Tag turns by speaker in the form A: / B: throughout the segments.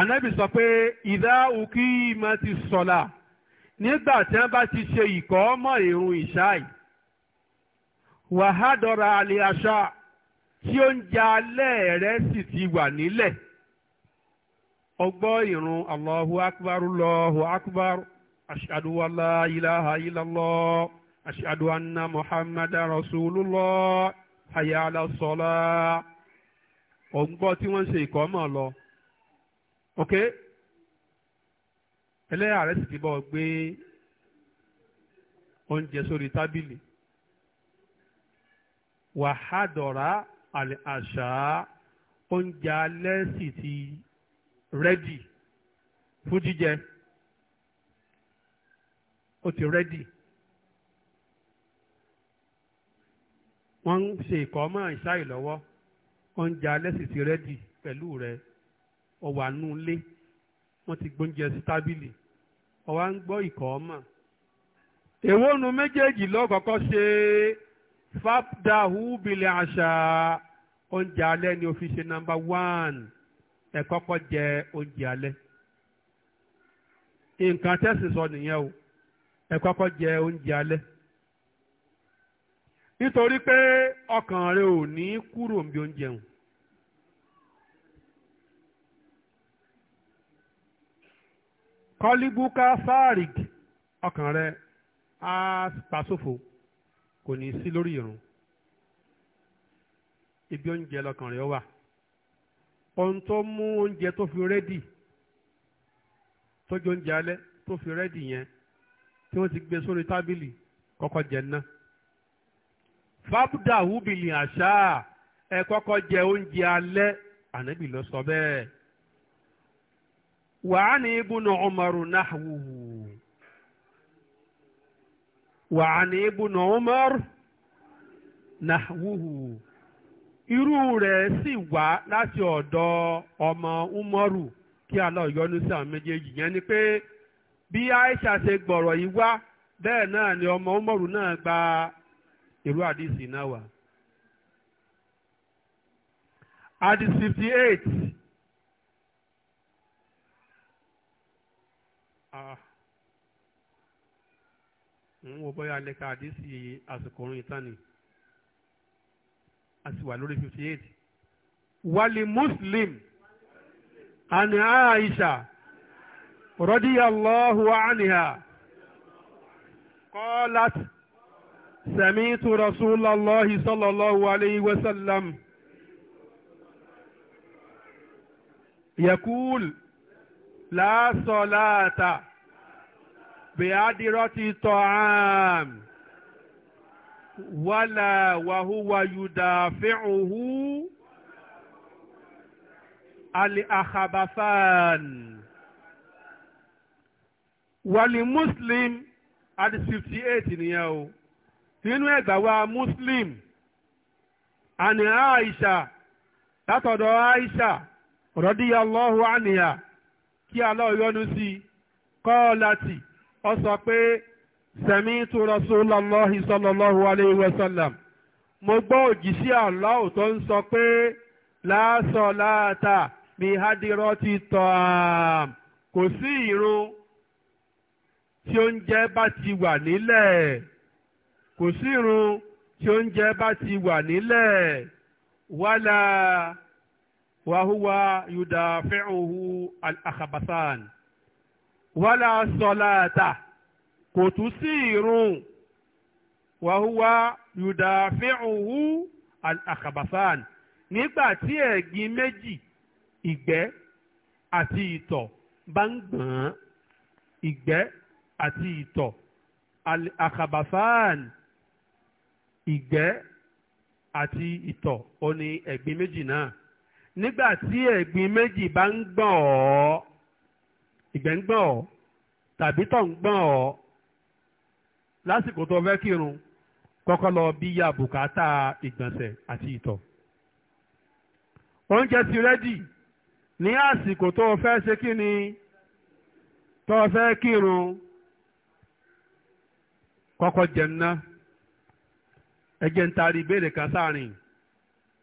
A: ànábì sọ pé ìdá òkì ìmọ̀ ti sọ̀la nígbà tí wọ́n bá ti ṣe ìkọ́ mọ́ ìrun ìṣáì wàhádọ́ra àlè àṣà tí ó ń ja alẹ́ rẹ̀ sì ti wà nílẹ̀ ọgbọ́ ìrun allahu akbar allahu akbar ashadu wala ilaha illallah ashadu anna muhammadu rasulullah hayala sọlá ọgbọ́ tí wọ́n ń ṣe ìkọ́ mọ́ lọ ok ẹlẹ́yà rẹ̀ sì ti bọ́ gbé oúnjẹ sórí tábìlì wàhádọ̀rá àlẹ́ àṣà oúnjẹ alẹ́ sì ti rẹ́dì fún jíjẹ ó ti rẹ́dì wọ́n ń ṣe ìkọ́mọ́ ìṣáì lọ́wọ́ oúnjẹ alẹ́ sì ti rẹ́dì pẹ̀lú rẹ̀. ọ̀wà nù lé wọ́n ti gbóúnjẹ sí tábìlì ọ̀wà ń gbọ́ ìkọ́ ọmọ. èwo nu méjèèjì lọ́kọ̀ọ́kọ́ ṣe fapdahu bilẹ̀ àṣà oúnjẹ alẹ́ ni o fi ṣe nọmba one ẹ jẹ oúnjẹ alẹ́ nǹkan tẹ́sí sọ nìyẹn o ẹ jẹ oúnjẹ alẹ́ nítorí pé ọkàn rẹ ò ní kúrò níbi oúnjẹ hùn. kọ́líbùkà sáàrìg ọkàn rẹ á pàṣòfò kò ní sí lórí ìrun ibi oúnjẹ lọkàn rẹ wà ohun tó mú oúnjẹ tó fi rẹ́dì tọ́jú oúnjẹ alẹ́ tó fi rẹ́dì yẹn tí wọ́n ti gbé sórí tábìlì kọ́kọ́ jẹ ná fábùdà wúbìlì àṣà ẹ kọ́kọ́ jẹ oúnjẹ alẹ́ ànábì ló sọ bẹ́ẹ̀. وعن ابن عمر نحوه وعن ابن عمر نحوه irú rẹ̀ sì wá láti ọ̀dọ̀ ọmọ umaru kí Allah sí àwọn méjèèjì yẹn ni pé bí aisha ṣe gbọ̀rọ̀ yìí wá ni ọmọ umaru náà gba irú àdìsí náà wá. àdìsí fifty eight. ń wo bóyá lẹ́ka àdísì àsìkò orin ìtàn ni a sì wà lórí fifty eight
B: wali muslim
A: ani aisha radiyallahu anha qalat sami'tu rasulallahi sallallahu alayhi wa sallam yaqul láàsọ̀ láàtà bẹ̀ádìrọ́tì tọ́ àm wàlà wàhúwà yùdà fẹ́hùhù àlè àkàbàfàn wàlì muslim àti fifty eight nìyẹn o nínú ẹgbàá wa muslim àni aisha látọ̀dọ̀ aisha rọ́díyà lọ́hùn àníyà. kí Allah yọ́nú si kọọ latị ọ sọ pé sami'tu rasulallahi sallallahu alayhi wa sallam mo gbọ́ òjíṣẹ́ Allah tó ń sọ pé mi salata bí hadirati ta'am kò sí irun tí oúnjẹ bá ti wà nílẹ̀ kò sí irun tí bá ti wà nílẹ̀ wálá. وهو يدافعه الأخبثان ولا صلاة كتسير وهو يدافعه الأخبثان nígbà tí ẹ̀gbin méjì ìgbẹ́ àti ìtọ̀ bá ń gbọ̀n ìgbẹ́ àti ìtọ̀ al-akhabathan ìgbẹ́ àti ìtọ̀ ó ní ẹ̀gbin méjì náà nígbà tí ẹ̀gbin méjì bá ń gbọ̀n ọ́ ìgbẹ́ ń gbọ̀n ọ́ tàbí tọ̀ ń gbọ̀n ọ́ lásìkò tó fẹ́ kírun kọ́kọ́ lọ bí ya bùkátà ìgbọ̀nsẹ̀ àti ìtọ̀ oúnjẹ ti rẹ́dì ní àsìkò tó fẹ́ ṣe kí ni tó fẹ́ kírun kọ́kọ́ jẹun ná ẹ jẹ́ ń taari ìbéèrè kan sáàrin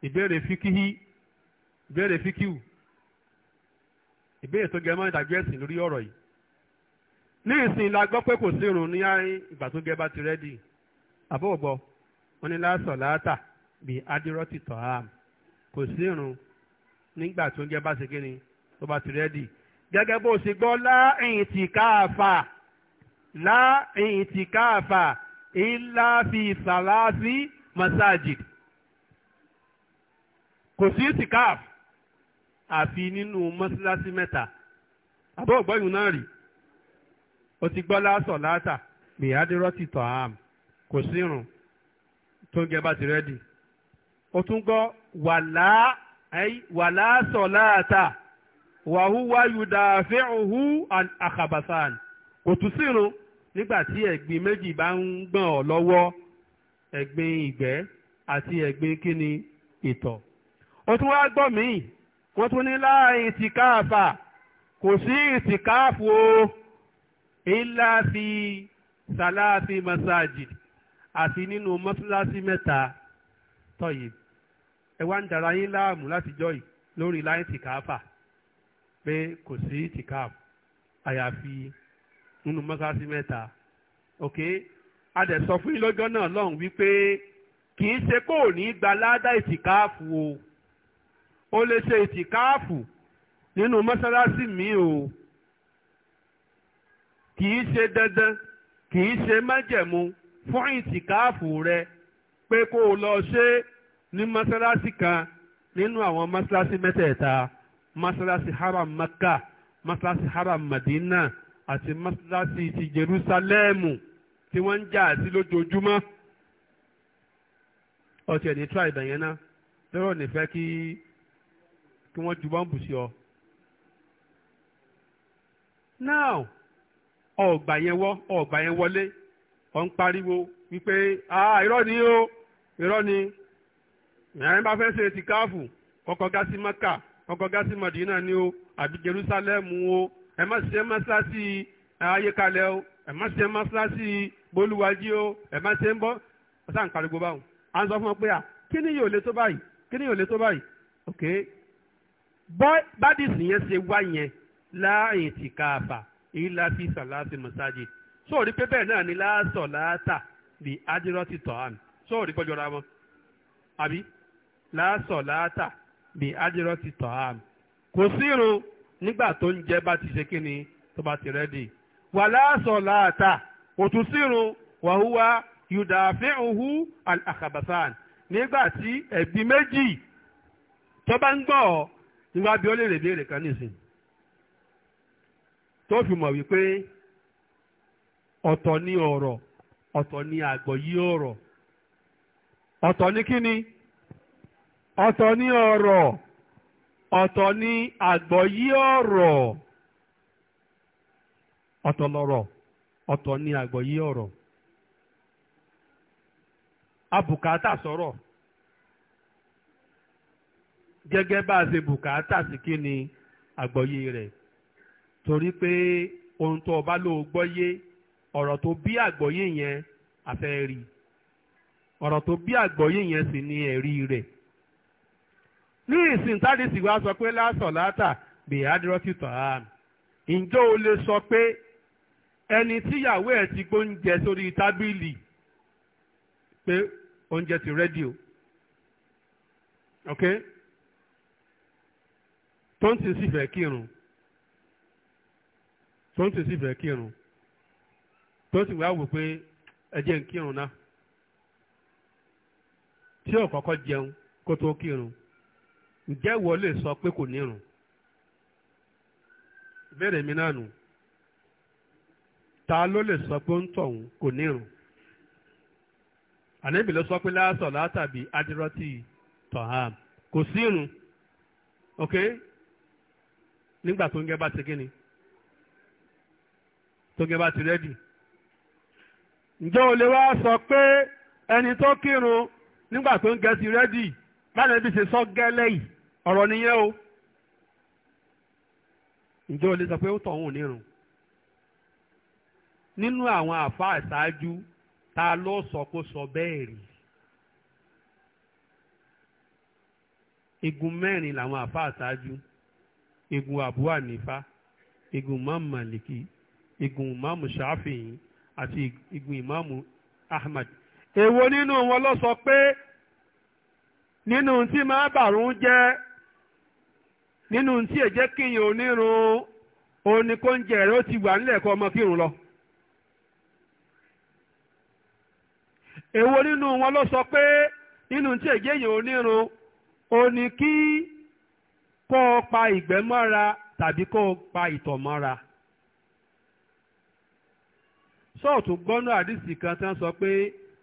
A: ìbéèrè fíkíhí ìbéèrè fíkíù ìbéèrè tó gẹ mọ́ ìdájọ́ ẹ̀sìn lórí ọ̀rọ̀ yìí ní ìsìn la gbọ́ pé kò sí irun ní ìgbà tó gẹ bá ti rẹ́dì àbọ̀gbọ́ wọn ni lásọ̀ láátà bíi adirọ́tì tọ́hám kò sí irun nígbà tó gẹ bá ṣe kí ni tó bá ti rẹ́dì gẹ́gẹ́ bó ṣe gbọ́ láàyìn tì káàfà láàyìn tì káàfà ìlà fi sàlásí masajid kò sí tì àfi nínú mọ́sálásí mẹ́ta àbọ̀ ògbọ́yùn náà rí o ti gbọ́ lásọ̀ látà mìhádìrọ́ ti tọ̀ àm kò sírun tó ń gẹ bá ti rẹ́dì o tún gbọ́ wàlá wàlá sọ̀ látà wàhúwá yudàfẹ́ òhú àkàbàsàn kò tún sírun nígbà tí ẹ̀gbin méjì bá ń gbọ̀n ọ́ lọ́wọ́ ẹ̀gbin ìgbẹ́ àti ẹ̀gbin kíni ìtọ̀ o tún wá gbọ́ míì wọ́n tún ní láàyè ìtìkáàfà kò sí ìtìkáàfù o ilá fi sàláàfi masajid àti nínú mọ́sálásí mẹ́ta tọ́yì ẹ wá ń dara yín láàmú látijọ́ yìí lórí láyé ìtìkáàfà pé kò sí ìtìkáàfù àyàfi nínú mọ́sálásí mẹ́ta ok a dẹ̀ náà lọ́hùn wípé kì í ṣe pé ò ní gba ládàá ìtìkáàfù o o lè ṣe ìtìkáàfù nínú mọ́sálásí mi o kì í ṣe dandan kì í ṣe májẹ̀mú fún ìtìkáàfù rẹ pé kó o lọ ṣe ní mọ́sálásí kan nínú àwọn mọ́sálásí mẹ́tẹ̀ẹ̀ta mọ́sálásí haram Makka mọ́sálásí haram Madina àti mọ́sálásí ti Jerusalemu tí wọ́n ń jà sí lójoojúmọ́ ọtí ẹ̀ ní tíra ìbẹ̀yẹn náà lọ́rọ̀ nífẹ̀ẹ́ kí kí wọ́n ju bọ́ǹbù sí ọ. now ọgbà yẹn wọ ọgbà yẹn wọlé ọ ń pariwo wípé irọ́ ni o irọ́ ni ìyẹn bá fẹ́ ṣe tìkáàfù kọ́kọ́ gá sí mẹ́kà kọ́kọ́ gá sí mọ̀dínà ni o àbí jerúsálẹ́mù o ẹ má ṣe mọ́ṣáláṣí ayékalẹ̀ o ẹ má ṣe mọ́ṣáláṣí bolúwájí o ẹ má ṣe ń bọ́ ọ̀sán pariwo báwọn à ń sọ fún ọ pé à kí ni yóò lè tó báyìí kí ni yóò lè tó báyìí ok bádìsì yẹn ṣe wá yẹn láàyè tì káàfà èyí láfi sàlásì mọ́sájì sóòrí pé bẹ́ẹ̀ náà ni láàsọ̀ láàtà bí ájírọ́tì tọ́hán sóòrí pọ́jọ́ ra wọn àbí láàsọ̀ láàtà bí ájírọ́tì tọ́hán kò sírun nígbà tó ń jẹ bá ti ṣe kí ni tó bá ti rẹ́dì wà láàsọ̀ láàtà kò tún sírun wàhúwá yudafi'uhu al-akhbasan nígbà tí ẹ̀bí méjì tó bá ń gbọ́ ọ nígbà bí ó lè rèbéèrè kan nísìn tó fi mọ̀ wípé ọ̀tọ̀ ni ọ̀rọ̀ ọ̀tọ̀ ni àgbọ́yé ọ̀rọ̀ ọ̀tọ̀ ni kíni ọ̀tọ̀ ni ọ̀rọ̀ ọ̀tọ̀ ni àgbọ́yé ọ̀rọ̀ ọ̀tọ̀ lọ̀rọ̀ ọ̀tọ̀ ni àgbọ́yé ọ̀rọ̀ abùkátà sọ̀rọ̀. gẹ́gẹ́ bá a ṣe bùkátà sí kí ni àgbọ́yé rẹ̀ torí pé ohun tó o bá lò ó ọ̀rọ̀ tó bí àgbọ̀yé yẹn àfẹ́ rí ọ̀rọ̀ tó bí àgbọ̀yé yẹn sì ni ẹ̀rí rẹ̀ ní ìsìn táde sì wá sọ pé lásọ̀ látà bèhádìrọ́tì tọ̀hán ǹjẹ́ o lè sọ pé ẹni tíyàwó ẹ̀ ti gbóúnjẹ sórí tábìlì pé oúnjẹ ti rẹ́díò okay tóńtì sì fẹ́ kírun tóńtì sì fẹ́ kírun tóńtì wá wò pé ẹjẹ́ ń kírun náà tí ò kọ́kọ́ jẹun kó tó kírun ǹjẹ́ ìwọ lè sọ pé kò nírun ìbéèrè mi náà nù ta ló lè sọ pé ó ń tọ̀hún kò nírun ànábì ló sọ pé láàsọ̀ látàbí adírọ́tì tọ̀hám kò sí ok nígbà tó ń gẹ́ bá ti kí ni tó ń gẹ́ bá ti rẹ́dì. ǹjẹ́ o lè wá sọ pé ẹni tó kírun nígbà tó ń gẹ́ ti rẹ́dì báyìí bí ṣe sọ gẹ́lẹ́ yìí ọ̀rọ̀ nìyẹn o. ǹjẹ́ o lè sọ pé ó tọ̀ òun nírun. nínú àwọn àfáà ìṣáájú ta ló sọ kó sọ bẹ́ẹ̀ rí. igun mẹ́rin làwọn àfáà ìṣáájú. egun abu anifa egun imam maliki egun imam shafi'i àti egun imam ahmad èwo nínú wọn lọ sọ pé nínú tí máa bàrún jẹ, nínú tí ẹ jẹ́ kíyàn onírun òní kó ń jẹ ti wà nílẹ̀ kọ́ ọmọ kírun lọ. èwo nínú wọn lọ sọ pé nínú tí ẹ jẹ́ èyàn onírun kí kó o pa ìgbẹ́ mọ́ra tàbí kó o pa ìtọ̀ mọ́ra. sọ́ọ̀tún gbọ́nà àdìsí kan tí wọ́n sọ pé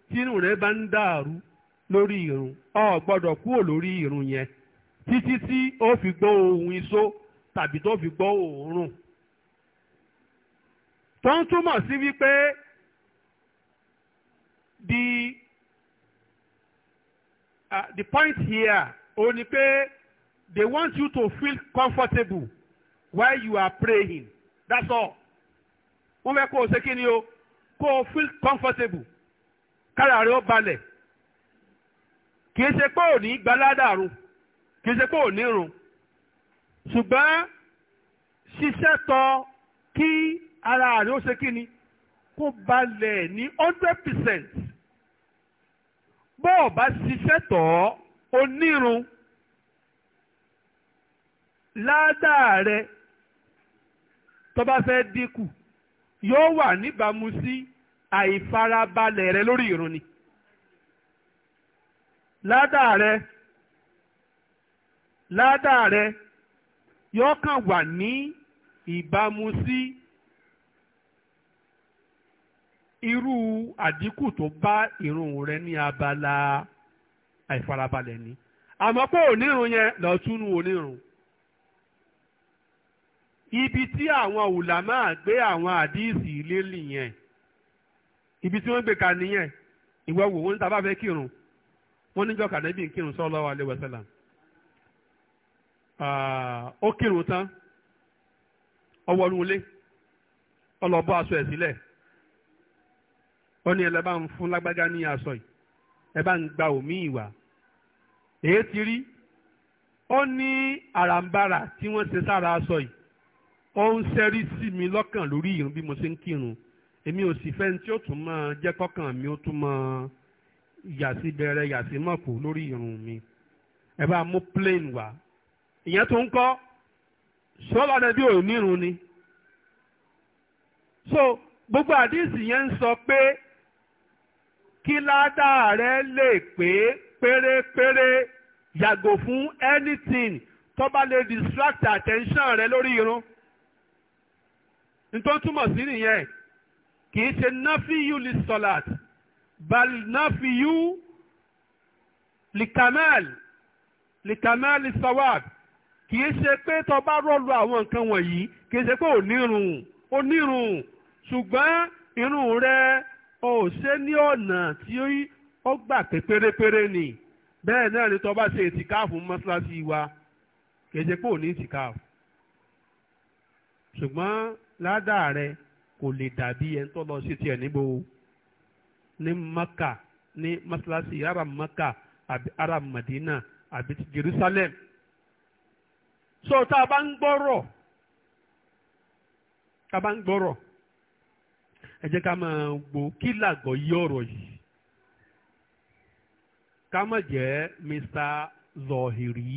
A: tínú rẹ bá ń dàrú lórí ìrun o gbọ́dọ̀ kúrò lórí ìrun yẹn títí tí ó fi gbọ́ ohun iṣó tàbí tó fi gbọ́ òórùn. tó ń túmọ̀ sí wípé the uh, the point here ó ní pé. They want you to feel comfortable while you are praying. That's all. Wọ́n fẹ́ kó o ṣe kí ni o? Kó o feel comfortable. Kára rẹ̀ ó balẹ̀. Kì í ṣe pé ò ní gbaládàrú. Kì í ṣe pé ò ní run. Ṣùgbọ́n ṣiṣẹ́ tọ kí ara rẹ̀ ó ṣe kí ni? Kó balẹ̀ ní hundred percent. Bọ́ọ̀ bá ṣiṣẹ́ tọ̀ ọ́, onírun. ládàá rẹ tó bá fẹ́ dínkù yóò wà níbàámu sí àìfarabalẹ̀ rẹ lórí ìrun ni ládàá rẹ yóò kàn wà ní ìbámu sí irú àdínkù tó bá ìrun rẹ ní abala àìfarabalẹ̀ ni àmọ́ pé onírun yẹn lọ́ọ́ onírun. ibi tí àwọn òlàmà gbé àwọn àdíìsì ilé nìyẹn ibi tí wọ́n gbé ka nìyẹn ìwọ wò wọ́n níta bá fẹ́ kírun wọ́n níjọ́ kànẹ́bì ń kírun sallallahu alaihi wasallam ó kírun tán ọwọ́ nulé ọlọ́bọ́ aṣọ ẹ̀ sílẹ̀ ó ní ẹlẹ́bàá ń fún lágbájá ní aṣọ yìí ẹ ń gba òmí ìwà èyí ti rí ó ní àràǹbarà tí wọ́n ṣe sára aṣọ yìí ó ń ṣẹ́rí sí mi lọ́kàn lórí ìrun bí mo ṣe ń kírun èmi ò sì fẹ́ni tí ó tún máa jẹ́ kọ́kàn mi ó tún máa yàsí bẹ̀rẹ̀ yàsí mọ̀kù lórí ìrun mi ẹ bá mú plane wá ìyẹn tó ń kọ́ sọ́lá nàbí ò nírun ni so gbogbo àdíìsì yẹn ń sọ pé kí ládàá rẹ lè pé pérépéré yàgò fún anything tó bá lè distract attention rẹ lórí irun nítorí túmọ̀ sí nìyẹn kì í ṣe náfíyù lè sọ̀làt bal náfíyù lè kàmẹ́l lè kàmẹ́l sọ̀wàb kì í ṣe pé tó bá rọ́ọ̀lù àwọn nǹkan wọ̀nyí kì í ṣe pé ò nírun ò nírun ṣùgbọ́n irun rẹ ò ṣe ní ọ̀nà tí ó gbà pé pérépéré ni bẹ́ẹ̀ náà ni tó bá ṣe ìtìkáàfù mọ́ṣáláṣí wa kì í ṣe pé ò ní ìtìkáàfù ṣùgbọ́n ládàá rẹ kò lè dàbí ẹni tó lọ sí tiẹ̀ níbo ní maka ní masalasi ará maka àbí ará madina àbí ti jerusalem so tá a bá ń gbọ́rọ̀ tá a bá ń gbọ́rọ̀ ẹ jẹ́ ká máa gbọ́ kí làgọ̀ yí ọ̀rọ̀ yìí ká má jẹ́ mr zọ̀hìrì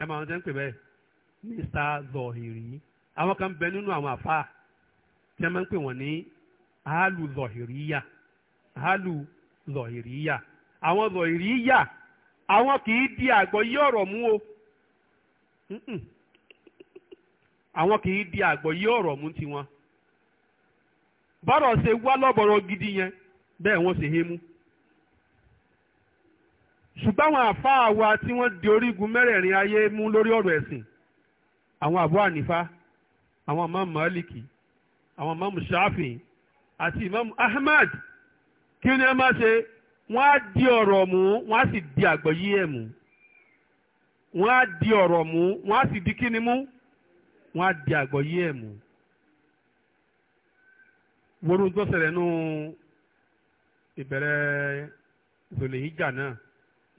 A: ẹ máa ń tẹ́ ń pè bẹ́ẹ̀ mr zọ̀hìrì. àwọn kan bẹ nínú àwọn àfa tí wọ́n máa ń pè wọ́n ní aálù zọ̀hìríyà aálù zọ̀hìríyà àwọn zọ̀hìríyà àwọn kì í di àgbọ̀ àgbọ́yé ọ̀rọ̀ mú o àwọn kì í di àgbọ̀ àgbọ́yé ọ̀rọ̀ mú tiwọn bọ́rọ̀ ṣe wá lọ́bọ̀rọ̀ gidi yẹn bẹ́ẹ̀ wọ́n ṣe é mú ṣùgbọ́n àwọn àfáà wa tí wọ́n di orígun mẹ́rẹ̀ẹ̀rin ayé mú lórí ọ̀rọ̀ ẹ̀sìn àwọn àbúrò ànífà àwọn imam maliki àwọn imam shafi àti imam ahmad kí ni máa ṣe wọ́n á di ọrọ mú wọ́n á sì di àgbọ́yé emu. mú wọ́n á di ọrọ mú wọ́n á di kíni mú wọ́n á di àgbọ́yé emu. mú. wọ́n ń tó nú ìbẹ̀rẹ̀ ìjà náà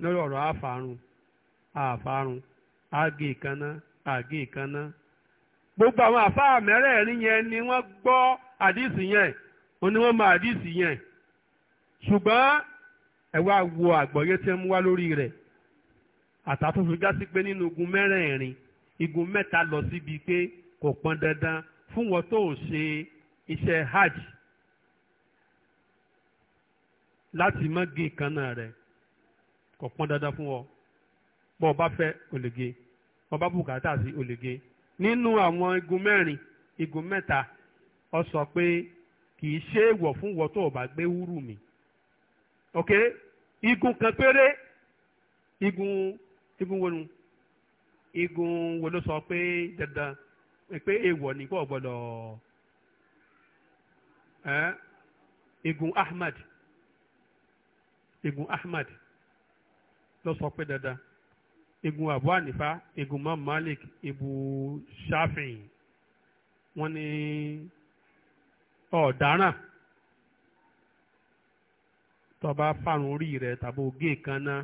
A: lórí ọ̀rọ̀ àfààrùn àfààrùn àgé gbogbo àwọn àfáà mẹ́rẹ̀ẹ̀rin yẹn ni wọ́n gbọ́ àdìsí yẹn ó ní wọ́n mọ àdìsí yẹn ṣùgbọ́n ẹ wá wo àgbọ̀yé tí ń wá lórí rẹ̀ àtàtúnṣe já sí pé nínú igun mẹ́rẹ̀ẹ̀rin igun mẹ́ta lọ síbi pé kò pọn dandan fún wọn tó ṣe iṣẹ́ hajj láti má gé ìkànnà rẹ̀ kò pọn dandan fún ọ bọ́ ọ bá fẹ́ o lè gé bùkátà sí o lè nínú àwọn igun mẹ́rin igun mẹ́ta ó sọ pé kì í ṣe èèwọ̀ fún wọ́n tó o bá gbé wúrù mi ok igun kan péré igun igun wo nu igun wo ló sọ pé dandan pé èèwọ̀ ní kò gbọ́dọ̀ ẹ́ igun Ahmad igun Ahmad ló sọ pé dandan egun abu hanifa egun mam malik ebu Shafi, wọ́n ní ọ̀daràn tó bá fárun orí rẹ̀ tàbí ogé kan náà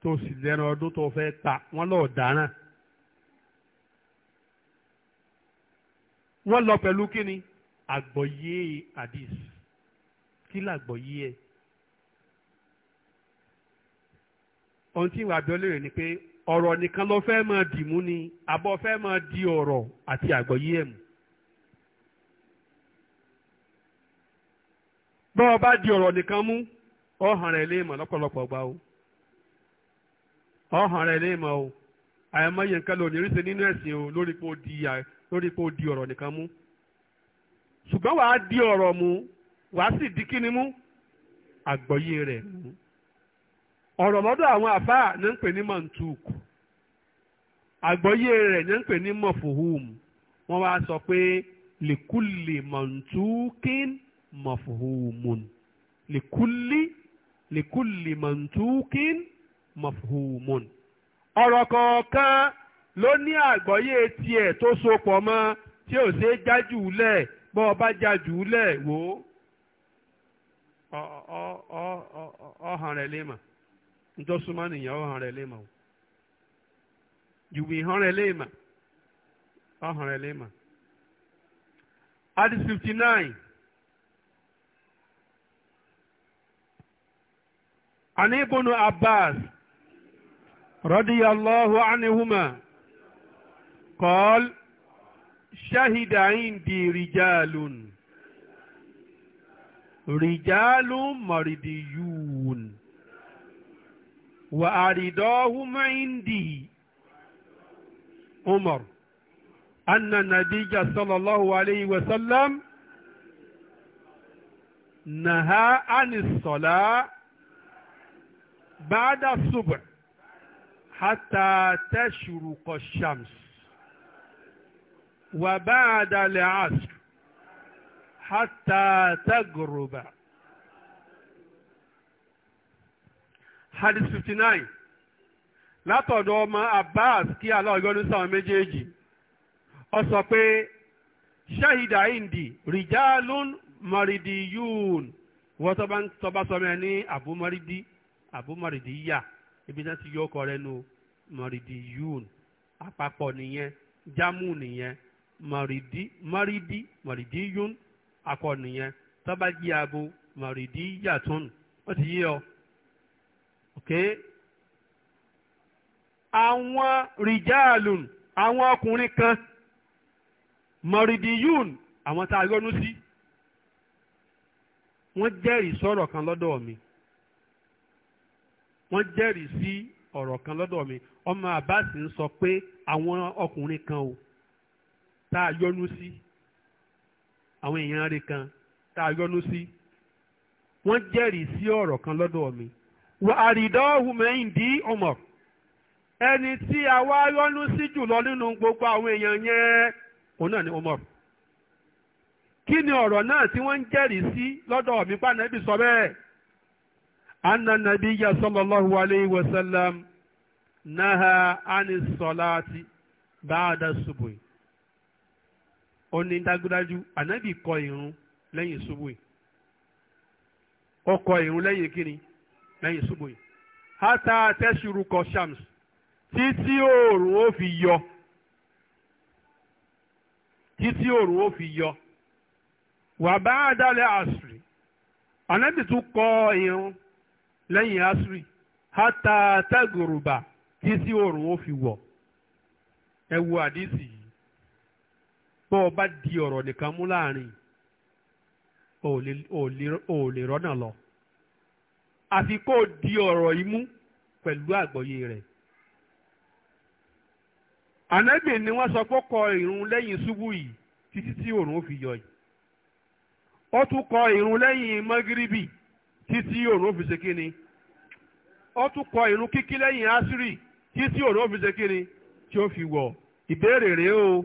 A: tó sì lẹ́nu ọdún tó fẹ́ ta wọ́n lọ ọ̀daràn. wọ́n lọ pẹ̀lú kíni àgbọ̀yé àdìs kí làgbọ̀yé ẹ̀. ohun tí ìwà abẹ́ọ́lẹ̀ rẹ̀ ni pé ọ̀rọ̀ nìkan ló fẹ́ máa dì mú ni àbọ̀ fẹ́ máa di ọ̀rọ̀ àti àgbọ̀yé ẹ̀ mú. bọ́ ọ bá di ọ̀rọ̀ nìkan mú ọ̀hàn rẹ̀ lè mọ̀ lọ́pọ̀lọpọ̀ gbà o ọ̀hàn rẹ̀ lè mọ̀ o àyàmọ́yẹ nǹkan lò ní oríṣi nínú ẹ̀sìn o lórí pé ó di ọ̀rọ̀ nìkan mú ṣùgbọ́n wàá di ọ̀rọ̀ mú wàá sì di kíni mú àgbọ́yé rẹ̀ mú. Mm -hmm. ọ̀rọ̀ lọ́dọ̀ àwọn àfáà ní ń pè ní mantuk àgbọ́yé rẹ̀ ní ń pè ní mọ̀fùhùm wọ́n wá sọ pé lìkúlì mantukin mọ̀fùhùmùn lìkúlì lìkúlì mantukin mọ̀fùhùmùn ọ̀rọ̀ kọ̀ọ̀kan ló ní àgbọ́yé tiẹ̀ tó sopọ̀ mọ́ tí ò ṣe jájú lẹ̀ bọ́ ọ bá jájú lẹ̀ wò ó ọ̀hàn rẹ̀ lè mọ̀ ntọ́súnmọ́ nìyẹn ọ̀hàn rẹ̀ lè mọ̀ o jùwì hàn rẹ̀ lè mọ̀ ọ̀hàn rẹ̀ lè mọ̀. Adis fifty nine. عن ابن عباس رضي الله عنهما قال شهد عندي رجال رجال مرضيون وأرداهم عندي عمر أن النبي صلى الله عليه وسلم نهى عن الصلاة بعد الصبح حتى تشرق الشمس وبعد العصر حتى تغرب hadith fifty nine látọ̀dọ̀ ọmọ abbas kí Allah yọ́nú sáwọn méjèèjì ó sọ pé ṣahida indi rijalun maridiyun wọ́n tọ́ba sọmọ ẹ ní abumaridi abumaridiya ibi náà ti yọ ọkọ rẹ nu maridiyun àpapọ̀ nìyẹn jámù nìyẹn maridi maridi maridiyun akọ nìyẹn tọ́ba jí abo maridiyatun ó ti yé ọ. okay àwọn rìjáàlùn àwọn ọkùnrin kan mọ̀rìdìyún àwọn tá a yọnu sí wọ́n jẹ́rìí sọ̀rọ̀ kan lọ́dọ̀ mi wọ́n jẹ́rìí sí ọ̀rọ̀ kan lọ́dọ̀ mi ọmọ Abbas ń sọ pé àwọn ọkùnrin kan o tá a yọnu sí àwọn èèyàn rẹ̀ kan tá a yọnu sí wọ́n jẹ́rìí sí ọ̀rọ̀ kan lọ́dọ̀ mi. wà àrídọ́hùn mẹ́yìn dí ọmọ ẹni tí a wá yọ́nú sí jùlọ nínú gbogbo àwọn èèyàn yẹn òun náà ni ọmọ kí ni ọ̀rọ̀ náà tí wọ́n ń jẹ́rìí sí lọ́dọ̀ mi pànẹ́bí sọ bẹ́ẹ̀ anna nabiyya alayhi wa sallam naha ani sọláàtì báadà subuhi ó ní dágúdájú ànábì kọ̀ ìrun lẹ́yìn lẹyìn ó kọ̀ ìrun lẹ́yìn kíni lẹ́yìn ṣubú yìí taa tẹ́sùrùkọ shams títí òòrùn ó yọ títí òòrùn ó fi yọ wà bá dálẹ̀ asiri ànábì tún kọ irun lẹ́yìn àṣírí hátà tẹ́gùrùbà títí òòrùn ó fi wọ̀ ẹ wo àdísì yìí bọ́ ọ bá di ọ̀rọ̀ nìkan mú láàrin lọ. àfi kó o di ọ̀rọ̀ yìí mú pẹ̀lú àgbọ́yé rẹ̀. ànábì ni wọ́n sọ pé kọ ìrun lẹ́yìn ṣubú yìí títí tí òòrùn fi yọ yìí. ó tún kọ ìrun lẹ́yìn mọ́gíríbì títí òòrùn fi ṣe kíni. ó tún kọ ìrun kíkí lẹ́yìn ásírì títí òòrùn fi ṣe kíni tí ó fi wọ̀. ìbéèrè rèé o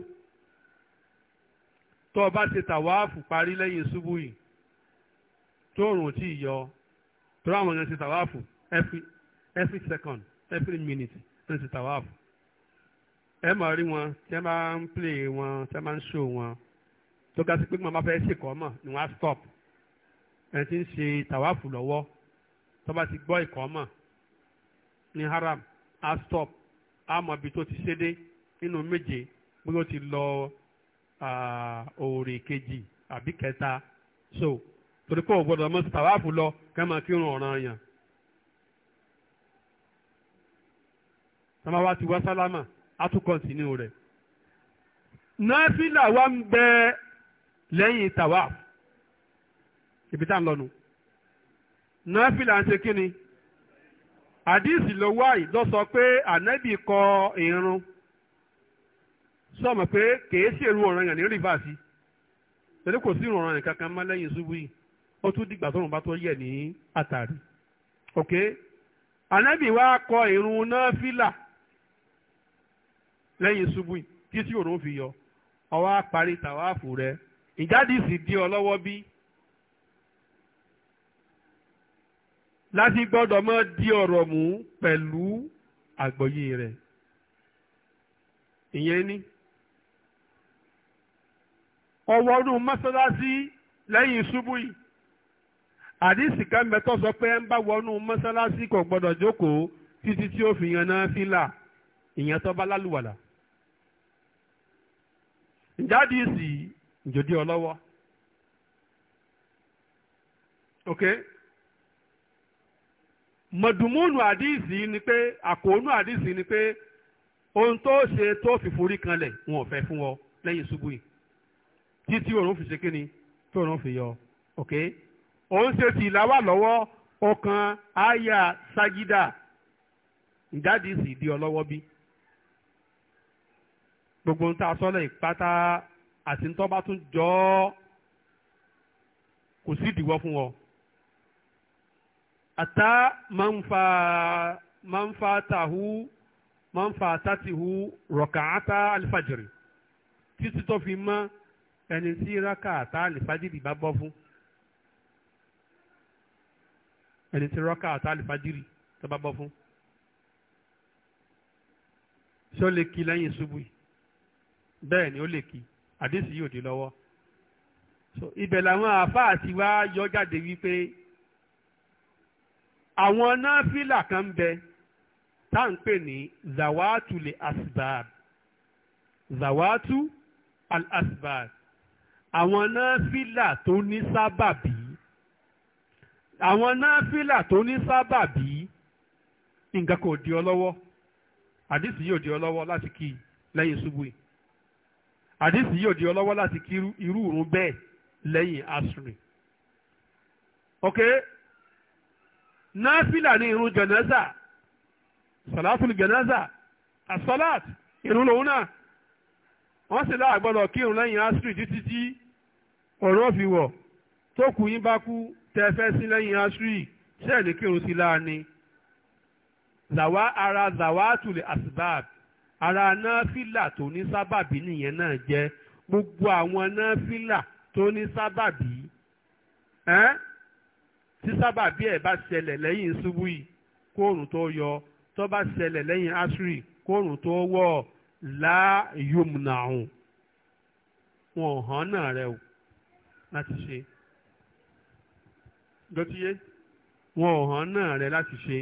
A: tó o bá ṣe tàwáàfù parí lẹ́yìn ṣubú yìí tóòrùn tí ì yọ tọ́lá àwọn èèyàn ti tàwáàfù every every second every minute ní ti tàwáàfù ẹ máa rí wọn tí ẹ máa ń play wọn tí ẹ máa ń show wọn tó ga sí pé màmá fẹ́ ṣèkọ́ mọ̀ ni wọ́n á stop ẹ ti ń ṣe tàwáàfù lọ́wọ́ tó bá ti gbọ́ ìkọ́ mọ̀ ní haram á stop á mọ ibi tó ti ṣe dé nínú méje bóyá ó ti lọ òòrè kejì àbí kẹta so torí pé ògbọ́dọ̀ mọ́ tàwáàfù lọ kẹ́ máa kírun ọ̀ràn yàn. sàmáwá ti wá sálámà á tún kọ́ntínú rẹ̀. náfìlà wa ń bẹ lẹ́yìn tàwáàfù ibi tá à ń lọ́nu. náfìlà ń ṣe kíni àdíìsì ló wáyé lọ sọ pé ànábì kọ ìrun sọ̀mọ̀ pé kèé sí èrú ọ̀ràn yàn ní rìvásì torí kò sí ìrun yàn kankan mọ́ lẹ́yìn ṣubú yìí ó tún dìgbà tóun bá tó yẹ ní àtàrí ok ànábì wa kọ irun náà fìlà lẹ́yìn ṣubú tí tí òòrùn fi yọ ọwọ́ parí tàwáàfù rẹ ìjádìsì di ọ lọ́wọ́ bí láti gbọ́dọ̀ mọ́ di ọ̀rọ̀ mú pẹ̀lú àgbọ́yé rẹ̀ ìyẹn ni ọwọ́ ọdún mọ́sálásí lẹ́yìn ṣubú àdìsí kan bẹ tó sọ pé ń bá wọnú mọ́sálásí kò gbọ́dọ̀ jókòó títí tí ó fi yan náà fílà ìyẹn tó bá lálùwàlà. ìjáde ìsì ìjòdì ọlọ́wọ́. ok mọ̀dùmúnù àdìsí ni pé àkóónú àdìsí ni pé ohun tó ṣe tó fi forí kanlẹ̀ wọn ò fẹ́ fún ọ lẹ́yìn ṣubú yìí títí òòrùn fi ṣe kíni tó òòrùn fi yọ ok ó ń ṣe tìláwà lọ́wọ́ ọkàn àyà ságídà ìdádì sì di ọlọ́wọ́ bí gbogbo ń ta sọ́lẹ̀ ìpátá àti ntọ́ bá tún jọ ọ́ kò sí ìdíwọ́ fún ọ. àtá máa ń fa tàhú máa ń fa tàtìhú rọ̀kàátá alifájìrì títí tó fi mọ́ ẹni tí rákàtá alifájìrì bá bọ́ fún. ẹni tí rọ́kà àti alifájírì tó bá bọ́ fún ṣé ó lè kí lẹ́yìn ṣubú bẹ́ẹ̀ ni ó lè kí àdéhùn yìí ò lọ́wọ́ so ibẹ̀ làwọn àáfàá ti wá yọ jáde wípé àwọn náfìlà kan ń bẹ tá à ń pè ní zawatu le asbab zawatu al asbab àwọn náfìlà tó ní sábàbí àwọn náfìlà tó ní sábàbí nǹkan kò di ọ àdìsí yóò di ọlọ́wọ́ láti kí lẹ́yìn ṣubú yìí àdìsí yóò di ọlọ́wọ́ láti kí irú bẹ́ẹ̀ lẹ́yìn ok náfìlà ní irun jẹ̀nẹ́sà sàlátùlù jẹ̀nẹ́sà àsọ́láàt irun lòun náà wọ́n sì láàgbọ́dọ̀ lẹ́yìn títí tí ọ̀rọ̀ fi wọ̀ tó kù tẹ́ fẹ́ sí lẹ́yìn asúì ṣẹ́ẹ̀lì kírun sí láàánì zàwá ara zàwátùlẹ̀ asbab ara náfìlà tó ní sábàbí nìyẹn náà jẹ́ gbogbo àwọn náfìlà tó ní sábàbí ẹ́n tí sábàbí ẹ̀ bá ṣẹlẹ̀ lẹ́yìn ṣubú yìí kóòrùn tó yọ tó bá ṣẹlẹ̀ lẹ́yìn asúì kóòrùn tó wọ̀ láàyòmùnà ọ̀hún wọn ò hàn náà rẹ o láti ṣe dọ́tíyé wọn ò hàn náà rẹ láti ṣe